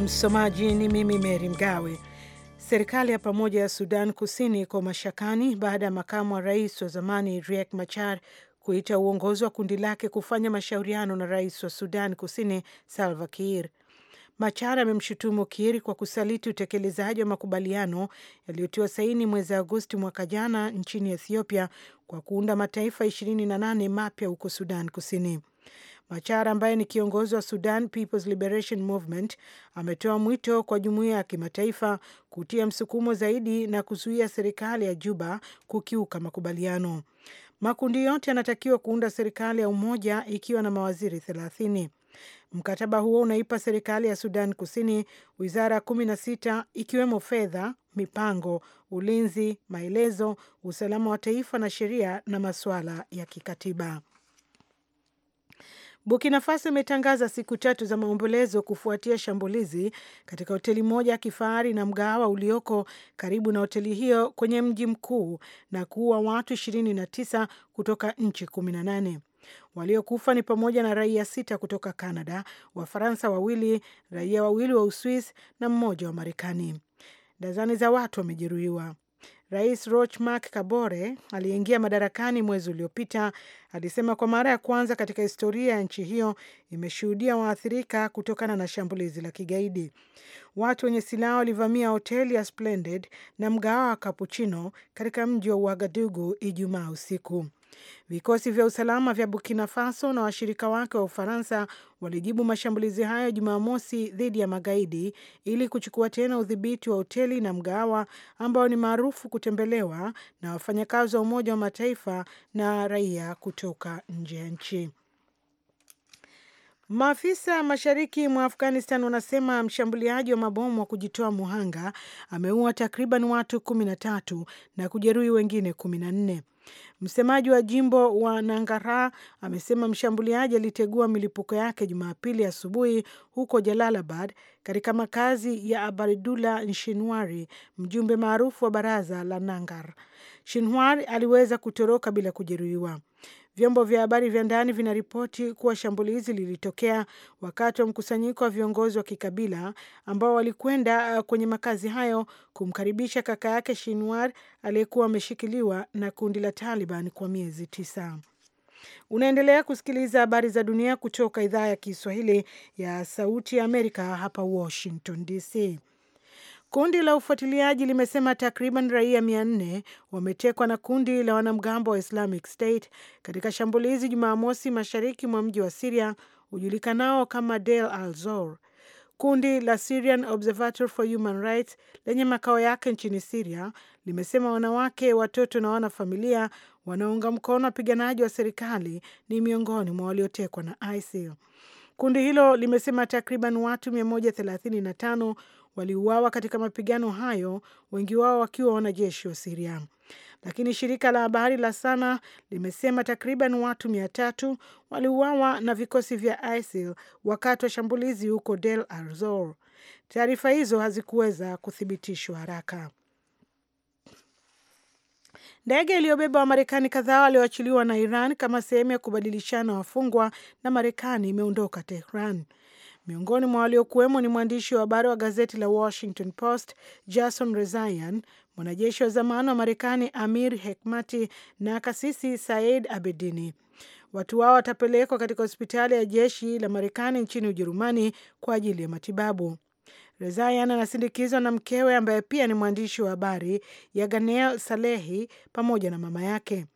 Msomaji ni mimi Meri Mgawe. Serikali ya pamoja ya Sudan Kusini iko mashakani baada ya makamu wa rais wa zamani Riek Machar kuita uongozi wa kundi lake kufanya mashauriano na rais wa Sudan Kusini Salva Kiir. Machar amemshutumu Kiir kwa kusaliti utekelezaji wa makubaliano yaliyotiwa saini mwezi Agosti mwaka jana nchini Ethiopia kwa kuunda mataifa 28 mapya huko Sudan Kusini. Machar ambaye ni kiongozi wa Sudan People's Liberation Movement ametoa mwito kwa jumuiya ya kimataifa kutia msukumo zaidi na kuzuia serikali ya Juba kukiuka makubaliano. Makundi yote yanatakiwa kuunda serikali ya umoja ikiwa na mawaziri thelathini. Mkataba huo unaipa serikali ya Sudan Kusini wizara kumi na sita ikiwemo fedha, mipango, ulinzi, maelezo, usalama wa taifa na sheria na masuala ya kikatiba. Burkina Faso imetangaza siku tatu za maombolezo kufuatia shambulizi katika hoteli moja ya kifahari na mgahawa ulioko karibu na hoteli hiyo kwenye mji mkuu na kuua watu 29 kutoka nchi 18. Waliokufa ni pamoja na raia sita kutoka Canada, Wafaransa wawili, raia wawili wa Uswis na mmoja wa Marekani. Dazani za watu wamejeruhiwa. Rais Roch Marc Kabore aliyeingia madarakani mwezi uliopita alisema kwa mara ya kwanza katika historia ya nchi hiyo imeshuhudia waathirika kutokana na shambulizi la kigaidi. Watu wenye silaha walivamia hoteli ya Splendid na mgahawa wa Kapuchino katika mji wa Uagadugu Ijumaa usiku. Vikosi vya usalama vya Burkina Faso na washirika wake wa Ufaransa walijibu mashambulizi hayo Jumamosi dhidi ya magaidi ili kuchukua tena udhibiti wa hoteli na mgahawa ambao ni maarufu kutembelewa na wafanyakazi wa Umoja wa Mataifa na raia kutoka nje ya nchi. Maafisa mashariki mwa Afghanistan wanasema mshambuliaji wa mabomu wa kujitoa muhanga ameua takriban watu kumi na tatu na kujeruhi wengine kumi na nne. Msemaji wa jimbo wa Nangara amesema mshambuliaji alitegua milipuko yake Jumapili asubuhi huko Jalalabad katika makazi ya Abaridullah Nshinwari, mjumbe maarufu wa baraza la Nangar. Shinwar aliweza kutoroka bila kujeruhiwa. Vyombo vya habari vya ndani vinaripoti kuwa shambulizi lilitokea wakati wa mkusanyiko wa viongozi wa kikabila ambao walikwenda uh, kwenye makazi hayo kumkaribisha kaka yake Shinwar aliyekuwa ameshikiliwa na kundi la Taliban kwa miezi tisa. Unaendelea kusikiliza habari za dunia kutoka idhaa ya Kiswahili ya Sauti ya Amerika hapa Washington DC. Kundi la ufuatiliaji limesema takriban raia mia nne wametekwa na kundi la wanamgambo wa Islamic State katika shambulizi Jumamosi mashariki mwa mji wa Siria hujulikanao kama Deir al-Zor. Kundi la Syrian Observatory for Human Rights lenye makao yake nchini Siria limesema wanawake, watoto na wanafamilia wanaunga mkono wapiganaji wa serikali ni miongoni mwa waliotekwa na ISIL. Kundi hilo limesema takriban watu 135 waliuawa katika mapigano hayo, wengi wao wakiwa wanajeshi wa Siria. Lakini shirika la habari la Sana limesema takriban watu mia tatu waliuawa na vikosi vya ISIL wakati wa shambulizi huko Del Arzor. Taarifa hizo hazikuweza kuthibitishwa haraka. Ndege iliyobeba Wamarekani kadhaa walioachiliwa na Iran kama sehemu ya kubadilishana wafungwa na Marekani imeondoka Tehran. Miongoni mwa waliokuwemo ni mwandishi wa habari wa gazeti la Washington Post Jason Rezaian, mwanajeshi wa zamani wa Marekani Amir Hekmati na kasisi Said Abedini. Watu wao watapelekwa katika hospitali ya jeshi la Marekani nchini Ujerumani kwa ajili ya matibabu. Rezaian anasindikizwa na mkewe ambaye pia ni mwandishi wa habari Yaganel Salehi pamoja na mama yake.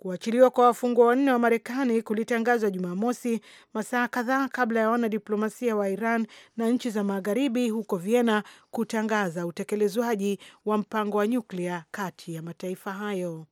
Kuachiliwa kwa wafungwa wanne wa Marekani kulitangazwa Jumamosi, masaa kadhaa kabla ya wanadiplomasia wa Iran na nchi za magharibi huko Vienna kutangaza utekelezwaji wa mpango wa nyuklia kati ya mataifa hayo.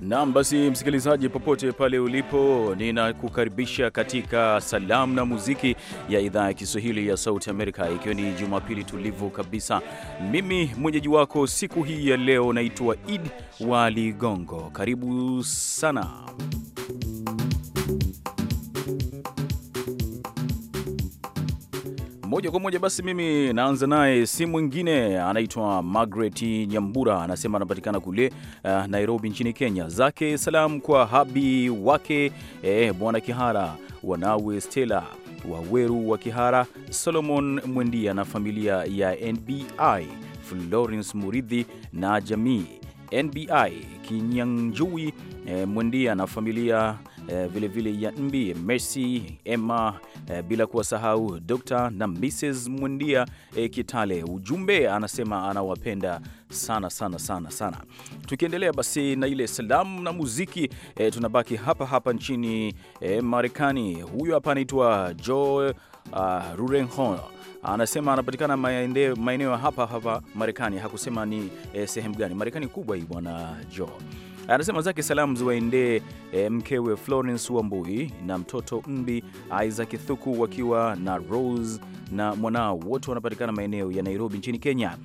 nam basi msikilizaji, popote pale ulipo, ninakukaribisha katika salamu na muziki ya idhaa ya Kiswahili ya Sauti Amerika, ikiwa ni Jumapili tulivu kabisa. Mimi mwenyeji wako siku hii ya leo naitwa Id wa Ligongo. Karibu sana. Moja kwa moja basi mimi naanza naye, si mwingine anaitwa Margaret Nyambura, anasema anapatikana kule uh, Nairobi nchini Kenya. Zake salam kwa habi wake eh, bwana Kihara, wanawe Stella Waweru wa Kihara, Solomon Mwendia na familia ya NBI, Florence Muridhi na jamii NBI Kinyanjui, eh, Mwendia na familia vilevile eh, vile Mbi, Mercy, Emma, eh, bila kuwasahau Dr. na Mrs. Mwendia eh, Kitale. Ujumbe anasema anawapenda sana sana sana sana. Tukiendelea basi na ile salamu na muziki tunabaki hapa hapa nchini Marekani. Huyu hapa anaitwa Joe uh, Rurenho anasema anapatikana maeneo hapa hapa Marekani. Hakusema ni eh, sehemu gani Marekani kubwa hii bwana Joe Anasema zake salamu ziwaendee eh, mkewe Florence Wambui na mtoto Mbi Isaac Thuku wakiwa na Rose na mwanao, wote wanapatikana maeneo ya Nairobi nchini Kenya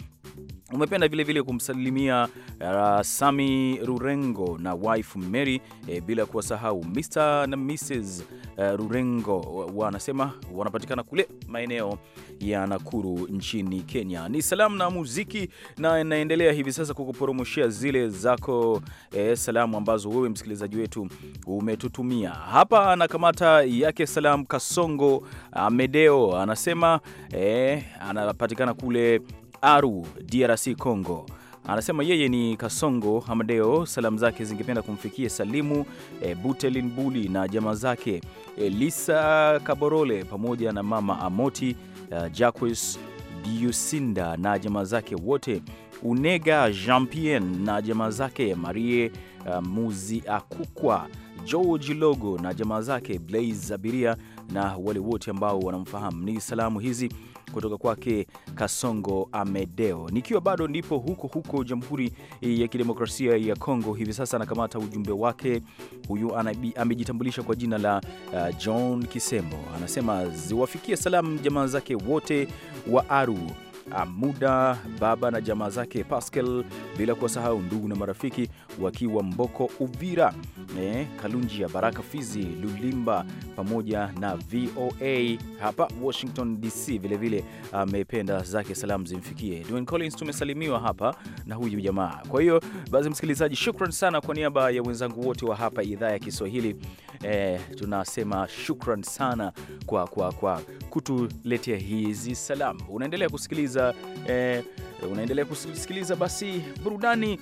umependa vilevile kumsalimia uh, Sami Rurengo na wife Mary eh, bila kuwasahau Mr na Mrs uh, Rurengo wanasema wanapatikana kule maeneo ya Nakuru nchini Kenya. Ni salamu na muziki, na naendelea hivi sasa kukuporomoshea zile zako eh, salamu ambazo wewe msikilizaji wetu umetutumia hapa. Anakamata yake salamu Kasongo Amedeo, uh, anasema eh, anapatikana kule Aru, DRC Congo. Anasema yeye ni Kasongo Hamadeo. Salamu zake zingependa kumfikia Salimu e, Butelin Buli na jamaa zake Elisa eh, Kaborole pamoja na mama Amoti uh, Jacques Diusinda na jamaa zake wote, Unega Jampien na jamaa zake Marie uh, Muzi Akukwa George Logo na jamaa zake Blaze Zabiria na wale wote ambao wanamfahamu. Ni salamu hizi kutoka kwake Kasongo Amedeo. Nikiwa bado ndipo huko huko Jamhuri ya Kidemokrasia ya Kongo, hivi sasa anakamata ujumbe wake. Huyu amejitambulisha kwa jina la uh, John Kisembo, anasema ziwafikie salamu jamaa zake wote wa Aru Ah, muda Baba na jamaa zake Pascal, bila kuwasahau ndugu na marafiki wakiwa Mboko, Uvira, e, Kalunji ya Baraka, Fizi, Lulimba, pamoja na VOA hapa Washington DC. Vilevile ah, amependa zake salamu zimfikie Dwayne Collins. Tumesalimiwa hapa na huyu jamaa. Kwa hiyo basi, msikilizaji, shukran sana kwa niaba ya wenzangu wote wa hapa idhaa ya Kiswahili eh, tunasema shukran sana kwa, kwa, kwa kutuletea hizi salamu. Unaendelea kusikiliza eh, unaendelea kusikiliza basi burudani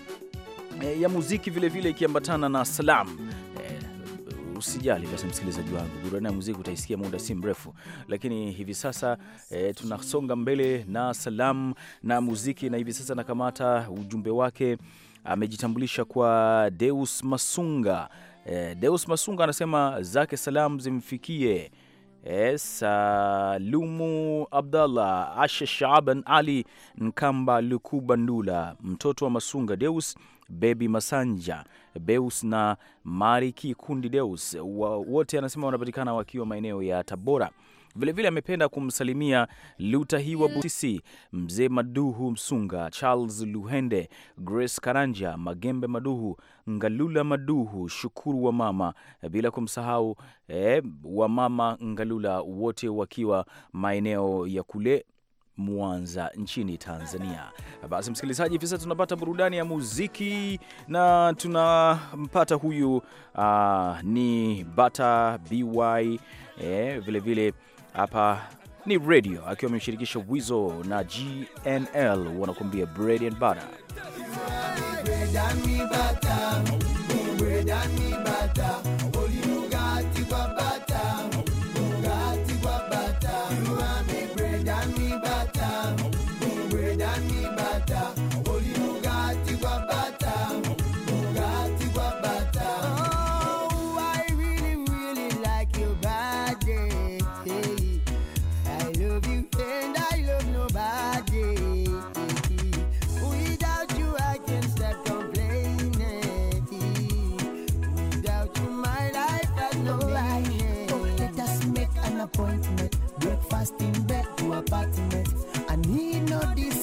eh, ya muziki vilevile ikiambatana na salamu. Eh, usijali basi msikilizaji wangu, burudani ya muziki utaisikia muda si mrefu, lakini hivi sasa e, tunasonga mbele na salamu na muziki, na hivi sasa nakamata ujumbe wake. Amejitambulisha kwa Deus Masunga Eh, Deus Masunga anasema zake salam zimfikie e, Salumu Abdallah Asha Shaaban Ali Nkamba Lukuba Ndula mtoto wa Masunga Deus Bebi Masanja Beus na Mariki Kundi Deus wote anasema wanapatikana wakiwa maeneo ya Tabora. Vilevile amependa kumsalimia Lutahiwa Busisi, Mzee Maduhu Msunga, Charles Luhende, Grace Karanja, Magembe Maduhu, Ngalula Maduhu, Shukuru wa mama, bila kumsahau eh, wa mama Ngalula, wote wakiwa maeneo ya kule Mwanza nchini Tanzania. Basi msikilizaji, hivi sasa tunapata burudani ya muziki na tunampata huyu uh, ni Bata By eh, vilevile hapa ni radio akiwa ameshirikisha Wizo na GNL wanakuambia bread and butter.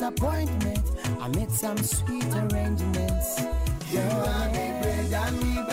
Appointment. I made some sweet arrangements. You are me bread and me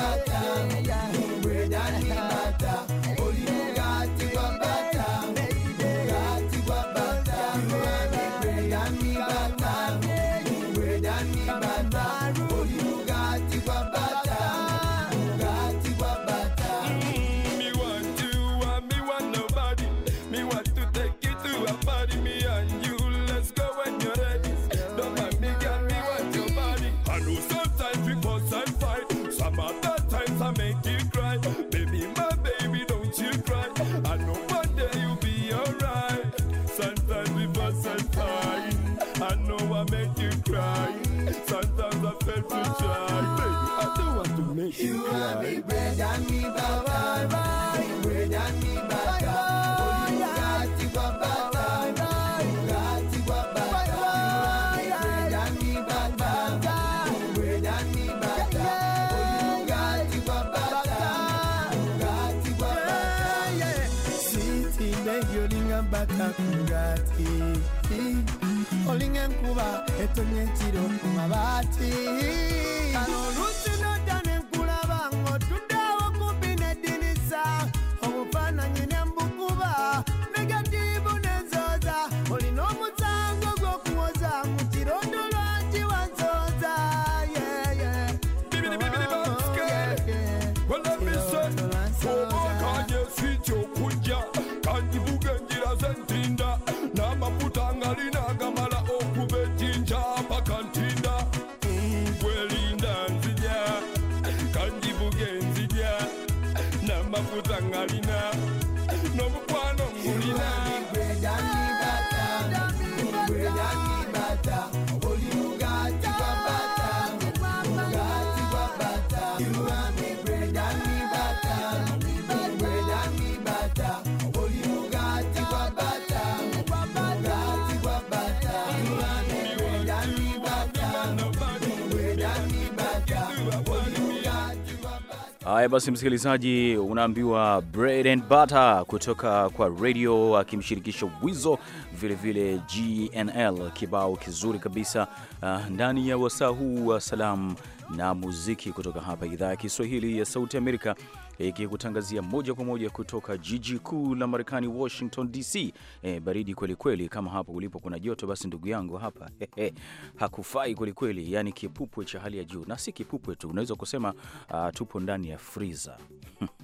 Haya basi, msikilizaji, unaambiwa bread and butter kutoka kwa radio akimshirikisha Wizo, vilevile GNL, kibao kizuri kabisa uh, ndani ya wasaa huu wa salamu na muziki kutoka hapa idhaa ya Kiswahili ya Sauti Amerika ikikutangazia moja kwa moja kutoka jiji kuu la Marekani, Washington DC. E, baridi kwelikweli Kama hapo ulipo kuna joto, basi ndugu yangu hapa he he, hakufai kwelikweli, yani kipupwe cha hali ya juu, na si kipupwe tu, unaweza kusema uh, tupo ndani ya friza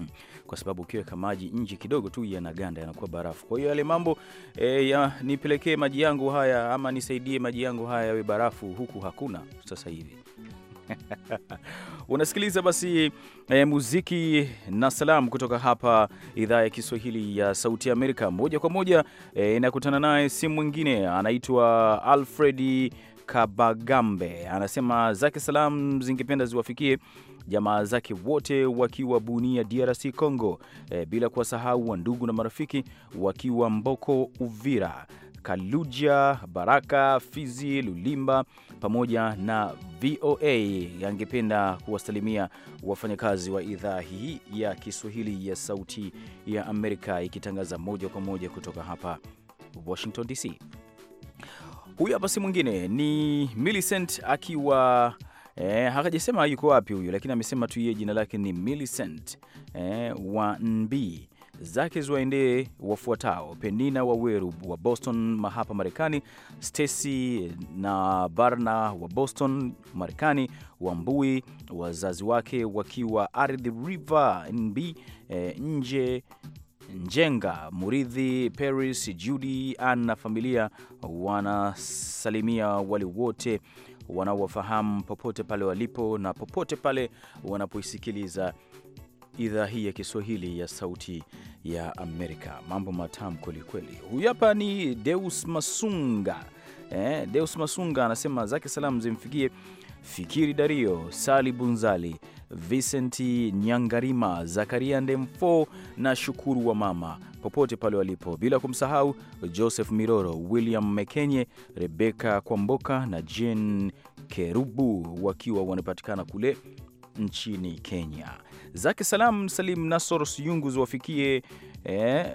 kwa sababu ukiweka maji nje kidogo tu yanaganda, yanakuwa barafu. Kwa hiyo yale mambo e, ya, nipelekee maji yangu haya ama nisaidie maji yangu haya yawe barafu, huku hakuna sasa hivi. unasikiliza basi e, muziki na salamu kutoka hapa idhaa ya Kiswahili ya Sauti ya Amerika moja kwa moja. E, inakutana naye si mwingine anaitwa Alfredi Kabagambe, anasema zake salamu zingependa ziwafikie jamaa zake wote wakiwa Bunia, DRC Congo, e, bila kuwasahau wa ndugu na marafiki wakiwa Mboko, Uvira Kaluja, Baraka, Fizi, Lulimba pamoja na VOA yangependa kuwasalimia wafanyakazi wa idhaa hii ya Kiswahili ya Sauti ya Amerika ikitangaza moja kwa moja kutoka hapa Washington DC. Huyu hapa si mwingine ni Millicent akiwa eh, hakajasema yuko wapi huyu, lakini amesema tu yeye jina lake ni Millicent eh, wa NB zake ziwaendee wafuatao: Penina Waweru wa Boston hapa Marekani, Stacy na Barna wa Boston Marekani, Wambui wazazi wake wakiwa Ardhi River NB, e, eh, nje Njenga Muridhi, Paris Judy Ann na familia wanasalimia wale wote wanaowafahamu popote pale walipo na popote pale wanapoisikiliza idhaa hii ya Kiswahili ya Sauti ya Amerika. Mambo matamu kwelikweli. Huyu hapa ni Deus Masunga. Eh, Deus Masunga anasema zake salamu zimfikie Fikiri Dario, Sali Bunzali, Vicenti Nyangarima, Zakaria Ndemfo na Shukuru wa mama popote pale walipo, bila kumsahau Joseph Miroro, William Mekenye, Rebeka Kwamboka na Jen Kerubu wakiwa wanapatikana kule nchini Kenya zake salam Salim Nasor Siyungu ziwafikie eh,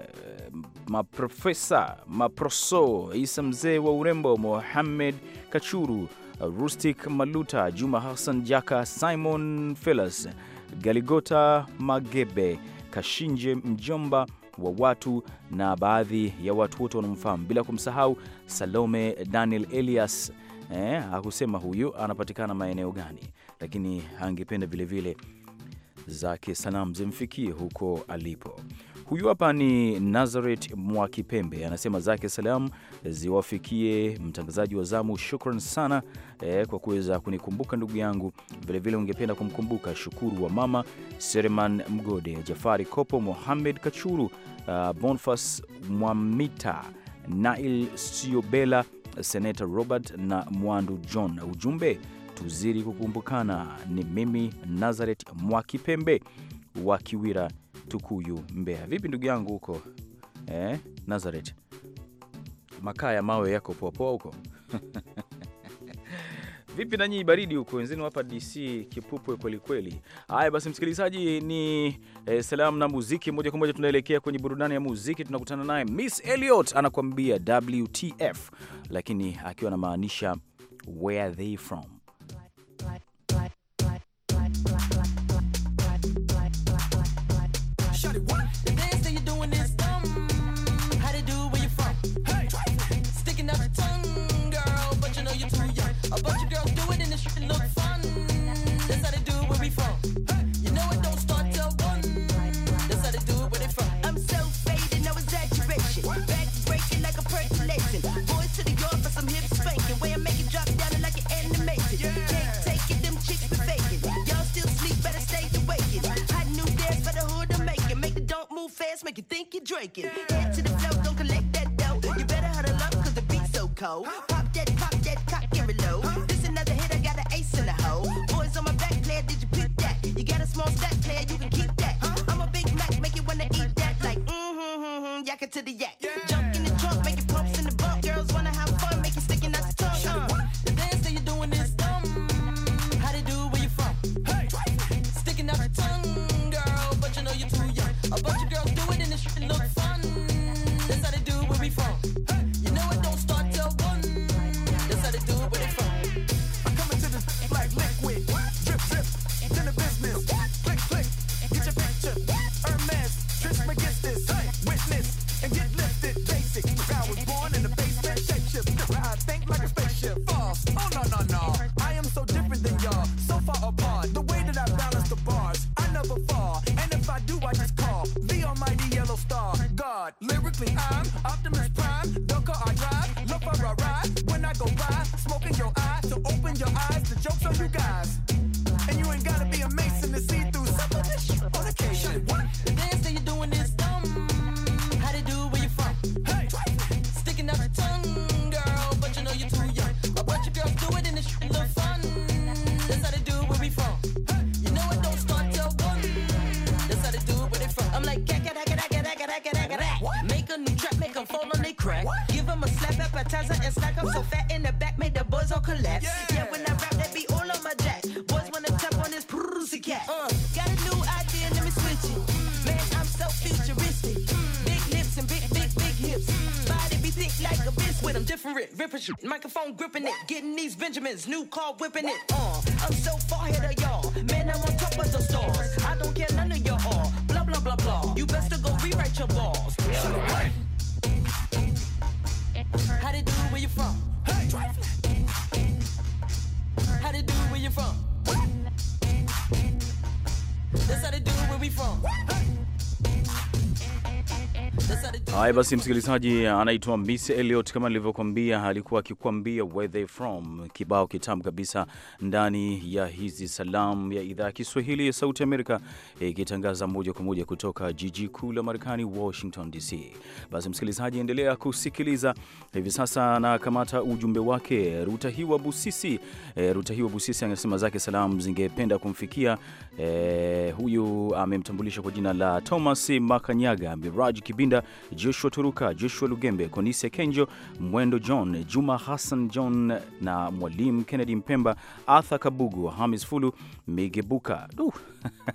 maprofesa maproso Isa mzee wa urembo, Mohamed Kachuru, Rustic Maluta, Juma Hassan Jaka, Simon Felas, Galigota Magebe, Kashinje mjomba wa watu na baadhi ya watu wote wanamfahamu, bila kumsahau Salome Daniel Elias. Eh, hakusema huyu anapatikana maeneo gani, lakini angependa vilevile zake salamu zimfikie huko alipo. Huyu hapa ni Nazaret Mwakipembe, anasema zake salamu ziwafikie mtangazaji wa zamu. Shukran sana eh, kwa kuweza kunikumbuka ndugu yangu. Vilevile ungependa kumkumbuka Shukuru wa mama Sereman Mgode, Jafari Kopo, Mohamed Kachuru, uh, Bonfas Mwamita, Nail Siobela, Senata Robert na Mwandu John. Ujumbe tuzidi kukumbukana. Ni mimi Nazaret Mwakipembe wa Kiwira, Tukuyu, Mbeya. Vipi ndugu yangu huko eh, Nazaret? Makaa ya mawe yako poapoa huko Vipi na nyinyi baridi huko wenzenu? Hapa DC kipupwe kwelikweli. Haya basi, msikilizaji, ni eh, salamu na muziki. Moja kwa moja tunaelekea kwenye burudani ya muziki, tunakutana naye Miss Elliot anakuambia WTF, lakini akiwa anamaanisha where they from. drinking. Head to the flow, don't collect that dough. You better huddle up, cause the beat's so cold. Pop that, pop that, cock it low. This another hit, I got an ace in the hole. Boys on my back, player, did you pick that? You got a small stack, player, you can keep that. I'm a Big Mac, make you wanna eat that. Like, mm-hmm, mm-hmm, yak it to the yak. Lyrically, I'm Optimus Prime. Look will call I drive. Look for a ride when I go by. Smoking your eye to open your eyes. The joke's on you guys. doors all collapse. Yeah, yeah when I rap, that be all on my jack. Boys wanna jump on this pussy cat. Uh, got a new idea, let me switch it. Man, I'm so futuristic. Big lips and big, big, big hips. Body be thick like a bitch with them different ripping shit. Microphone gripping it, getting these Benjamins, new car whipping it. Uh, I'm so far ahead of y'all. Man, I'm on Haya basi, msikilizaji anaitwa Miss Elliot, kama nilivyokuambia, alikuwa akikwambia where they from, kibao kitamu kabisa ndani ya hizi salamu ya idhaa ya Kiswahili ya Sauti Amerika, ikitangaza moja kwa moja kutoka jiji kuu la Marekani, Washington DC. Basi msikilizaji, endelea kusikiliza hivi sasa na kamata ujumbe wake Ruta Hiwa Busisi. E, eh, Ruta Hiwa Busisi anasema zake salamu zingependa kumfikia e, huyu amemtambulisha kwa jina la Thomas Makanyaga, Miraj Kibinda, Joshua Joshua Turuka, Joshua Lugembe, Konise Kenjo, Mwendo John, Juma Hassan John na Mwalimu Kennedy Mpemba, Arthur Kabugu, Hamis Fulu, Migebuka.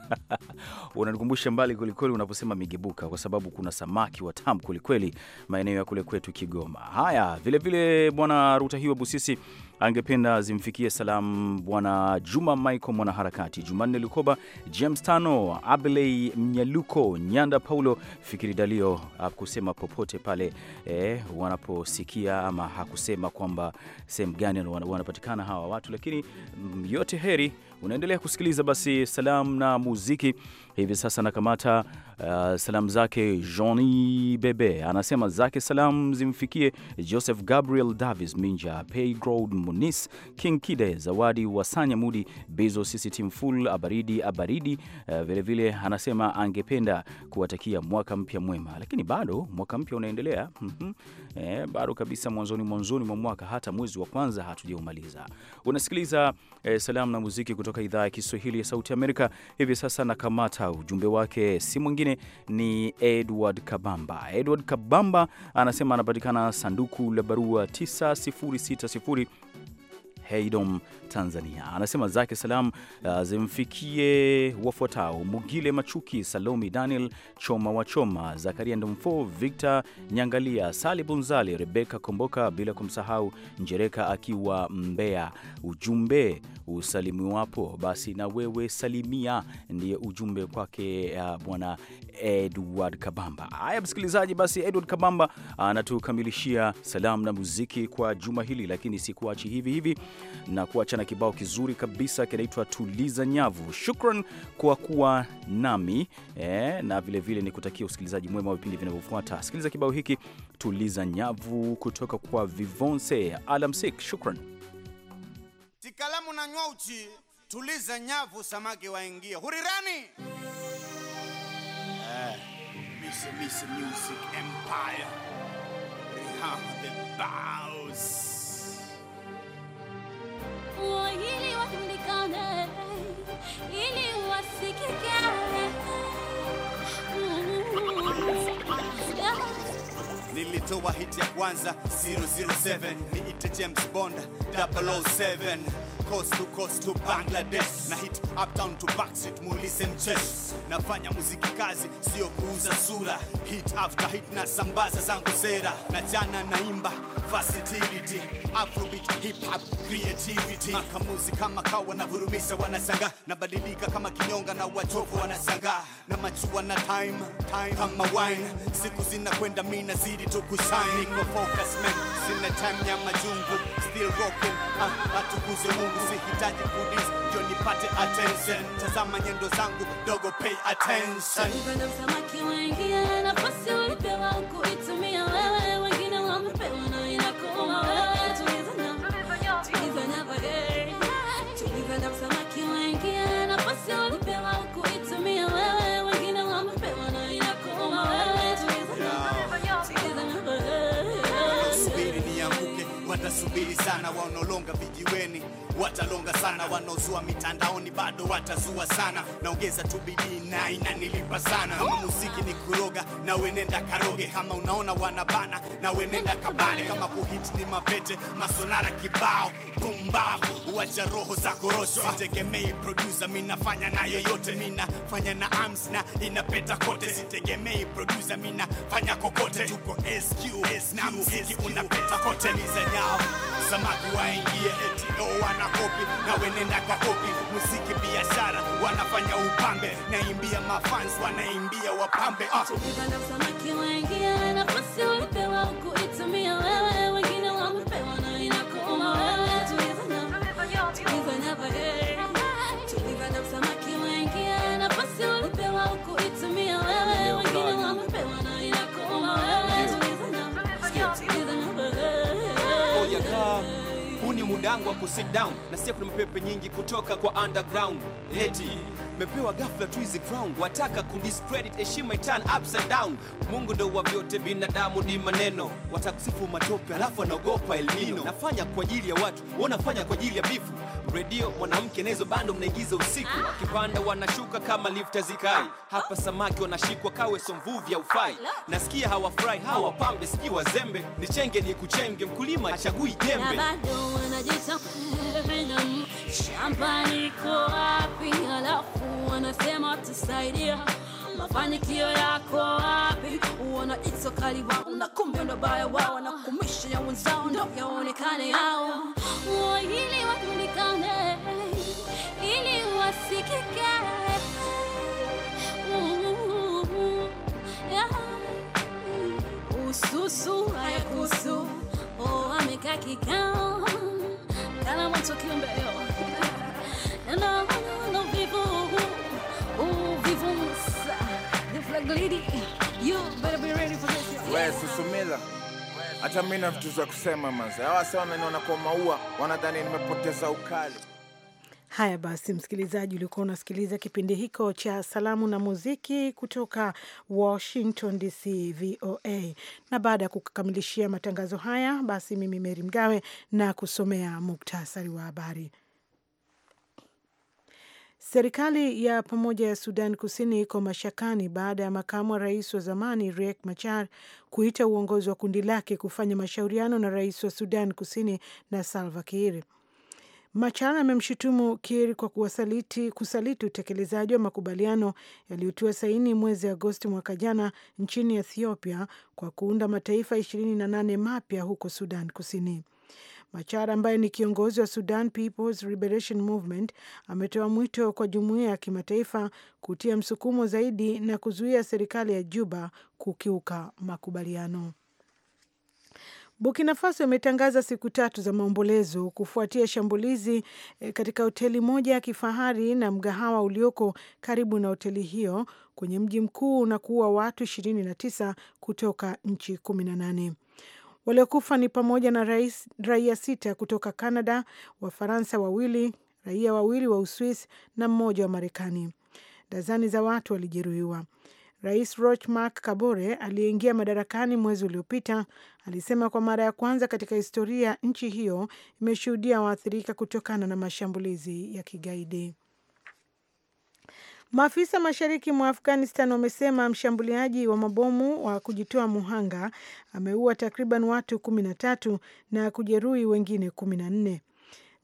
Unanikumbusha mbali kwelikweli unaposema Migebuka, kwa sababu kuna samaki wa tamu kwelikweli maeneo ya kule kwetu Kigoma. Haya, vilevile Bwana ruta hiwa Busisi angependa zimfikie salamu Bwana Juma Michael mwanaharakati, Jumanne Lukoba, James Tano, Abley Mnyaluko, Nyanda Paulo, Fikiri Dalio akusema popote pale eh, wanaposikia ama hakusema kwamba sehemu gani wanapatikana hawa watu, lakini mm, yote heri Unaendelea kusikiliza basi salamu na muziki hivi sasa. Nakamata uh, salamu zake Johnny Bebe, anasema zake salamu zimfikie Joseph Gabriel Davis Minja, Paygold Munis, King Kide, Zawadi Wasanya, Mudi Bezo, Sisi Full Abaridi Abaridi. Vilevile uh, vile, anasema angependa kuwatakia mwaka mpya mwema, lakini bado mwaka mpya unaendelea mhm. eh, bado kabisa mwanzoni mwanzoni mwa mwaka, hata mwezi wa kwanza hatujaumaliza. Unasikiliza eh, salamu na muziki kutu kutoka idhaa ya Kiswahili ya Sauti Amerika. Hivi sasa nakamata ujumbe wake, si mwingine ni Edward Kabamba. Edward Kabamba anasema anapatikana sanduku la barua 9060 Heidom, Tanzania. Anasema zake salam uh, zimfikie wafuatao: Mugile Machuki, Salomi Daniel, Choma wa Choma, Zakaria Ndomfo, Victor Nyangalia, Sali Bunzali, Rebeka Komboka, bila kumsahau Njereka akiwa Mbeya. Ujumbe usalimiwapo basi na wewe salimia, ndiye ujumbe kwake uh, bwana Edward Kabamba. Haya msikilizaji, basi Edward Kabamba uh, anatukamilishia salamu na muziki kwa juma hili, lakini sikuachi hivi hivi na kuachana kibao kizuri kabisa kinaitwa tuliza nyavu. Shukran kwa kuwa nami e, na vilevile ni kutakia usikilizaji mwema wa vipindi vinavyofuata. Sikiliza kibao hiki tuliza nyavu kutoka kwa Vivonse. Alamsik, shukran. Tikalamu na nywauchi tuliza nyavu, samaki waingie hurirani. eh, miss, miss Music Empire. the bows. Ili wasikike. nilitoa hit ya kwanza 007 ni ite James Bond 007 coast to coast to Bangladesh na hit uptown to backstreet mulise mchesh nafanya muziki kazi sio kuuza sura hit after hit na sambaza zangu sera na jana imba versatility afrobeat hip hop creativity makamuzi kama kawa na vurumisa wanasanga na badilika kama kinyonga na wachofu wanasanga na machua na time, time kama wine siku zinakwenda mimi nazidi ready to kusign no focus man, sina time ya majungu Still rocking, ah, atukuze Mungu Sihitaji kudis, ndio nipate attention Tazama nyendo zangu, dogo pay attention Uga na wengi, ana nafasi ulipewa ukuitumia wanaolonga vijiweni watalonga sana, wanaozua mitandaoni bado watazua sana, naongeza tu bidii na inanilipa sana. Kama muziki ni kuroga, na wenenda karoge. Kama unaona wanabana, na wenenda kabane. Kama kuhit ni mapete, masonara kibao, pumbavu, wacha roho za korosho. Sitegemei producer, mi nafanya na yoyote, mi nafanya na arms na inapeta kote. Sitegemei producer, mi nafanya kokote, tuko SQ na muziki unapeta kote. Liza nyao samaki waingie eti oh, wana makopi na wenenda kwa kopi, muziki biashara, wanafanya upambe, naimbia mafans, wanaimbia wapambe ah. wangu wa kusit down na sio kuna mapepe nyingi kutoka kwa underground leti mepewa ghafla tu hizi crown, wataka kudiscredit heshima itan ups and down. Mungu ndo wa vyote, binadamu ni maneno, watakusifu matope, alafu anaogopa elmino. Nafanya kwa ajili ya watu, wanafanya kwa ajili ya bifu redio mwanamke na bando mnaigiza usiku, ah. kipanda wanashuka kama lifta zikai. Hapa samaki wanashikwa kawe somvuvi ufai. Nasikia hawafurahi hawa pambe, siki wazembe, ni chenge ni kuchenge, mkulima achagui jembe na bado wanajita shamba liko wapi alafu wanasema tusaidia mafanikio yako wapi? Uona itso kali kaliwao na kumbe ndo baya wao na kumisha ya wenzao ndo yaonekane yao uo ili wajulikane, ili wasikike mm-hmm. ususu hayakusu o oh, amekaa kikao kana na na na susumila. Hata na vitu kusema wananiona kwa maua, wanadhani nimepoteza ukali. Haya basi, msikilizaji, ulikuwa unasikiliza kipindi hiko cha salamu na muziki kutoka Washington DC, VOA. Na baada ya kukamilishia matangazo haya, basi mimi Meri Mgawe na kusomea muktasari wa habari. Serikali ya pamoja ya Sudan Kusini iko mashakani baada ya makamu wa rais wa zamani Riek Machar kuita uongozi wa kundi lake kufanya mashauriano na rais wa Sudan Kusini na Salva Kiir. Machar amemshutumu Kiir kwa kuwasaliti, kusaliti utekelezaji wa makubaliano yaliyotiwa saini mwezi Agosti mwaka jana nchini Ethiopia kwa kuunda mataifa 28 mapya huko Sudan Kusini. Machar ambaye ni kiongozi wa Sudan People's Liberation Movement ametoa mwito kwa jumuiya ya kimataifa kutia msukumo zaidi na kuzuia serikali ya Juba kukiuka makubaliano. Burkina Faso imetangaza siku tatu za maombolezo kufuatia shambulizi eh, katika hoteli moja ya kifahari na mgahawa ulioko karibu na hoteli hiyo kwenye mji mkuu na kuua watu 29 kutoka nchi 18. Waliokufa ni pamoja na rais, raia sita kutoka Canada, Wafaransa wawili, raia wawili wa Uswis na mmoja wa Marekani. Dazani za watu walijeruhiwa. Rais Roch Marc Kabore aliyeingia madarakani mwezi uliopita alisema kwa mara ya kwanza katika historia nchi hiyo imeshuhudia waathirika kutokana na mashambulizi ya kigaidi. Maafisa mashariki mwa Afghanistan wamesema mshambuliaji wa mabomu wa kujitoa muhanga ameua takriban watu kumi na tatu na kujeruhi wengine kumi na nne.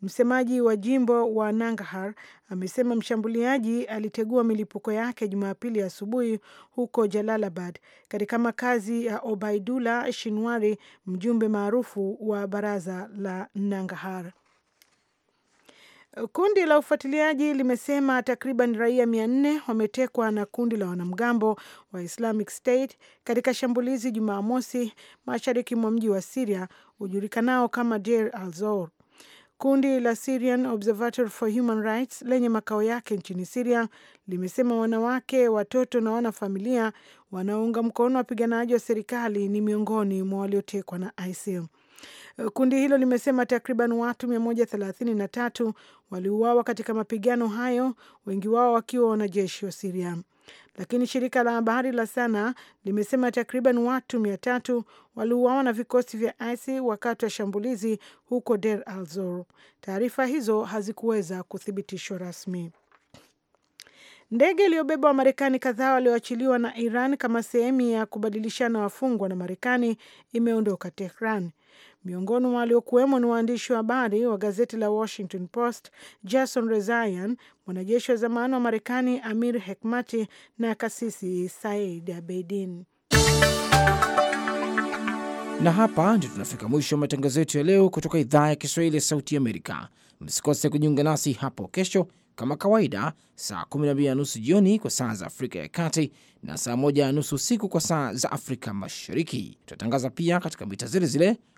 Msemaji wa jimbo wa nangahar amesema mshambuliaji alitegua milipuko yake Jumapili asubuhi huko Jalalabad katika makazi ya Obaidullah Shinwari, mjumbe maarufu wa baraza la nangahar Kundi la ufuatiliaji limesema takriban raia mia nne wametekwa na kundi la wanamgambo wa Islamic State katika shambulizi Jumamosi mashariki mwa mji wa Siria hujulikanao kama Deir al-Zor. Kundi la Syrian Observatory for Human Rights lenye makao yake nchini Siria limesema wanawake, watoto na wanafamilia wanaounga mkono wapiganaji wa serikali ni miongoni mwa waliotekwa na ISIL. Eh, kundi hilo limesema takriban watu 133 waliuawa katika mapigano hayo, wengi wao wakiwa wanajeshi wa Siria. Lakini shirika la habari la Sana limesema takriban watu mia tatu waliuawa na vikosi vya ISI wakati wa shambulizi huko Der al Zor. Taarifa hizo hazikuweza kuthibitishwa rasmi. Ndege iliyobeba Wamarekani kadhaa walioachiliwa na Iran kama sehemu ya kubadilishana wafungwa na Marekani imeondoka Tehran. Miongoni mwa waliokuwemo ni waandishi wa habari wa gazeti la Washington Post, Jason Rezaian, mwanajeshi wa zamani wa Marekani Amir Hekmati na kasisi Said Abedin. Na hapa ndio tunafika mwisho wa matangazo yetu ya leo kutoka idhaa ya Kiswahili ya Sauti Amerika. Msikose kujiunga nasi hapo kesho kama kawaida, saa 12 na nusu jioni kwa saa za Afrika ya Kati na saa 1 na nusu usiku kwa saa za Afrika Mashariki. Tutatangaza pia katika mita zile zile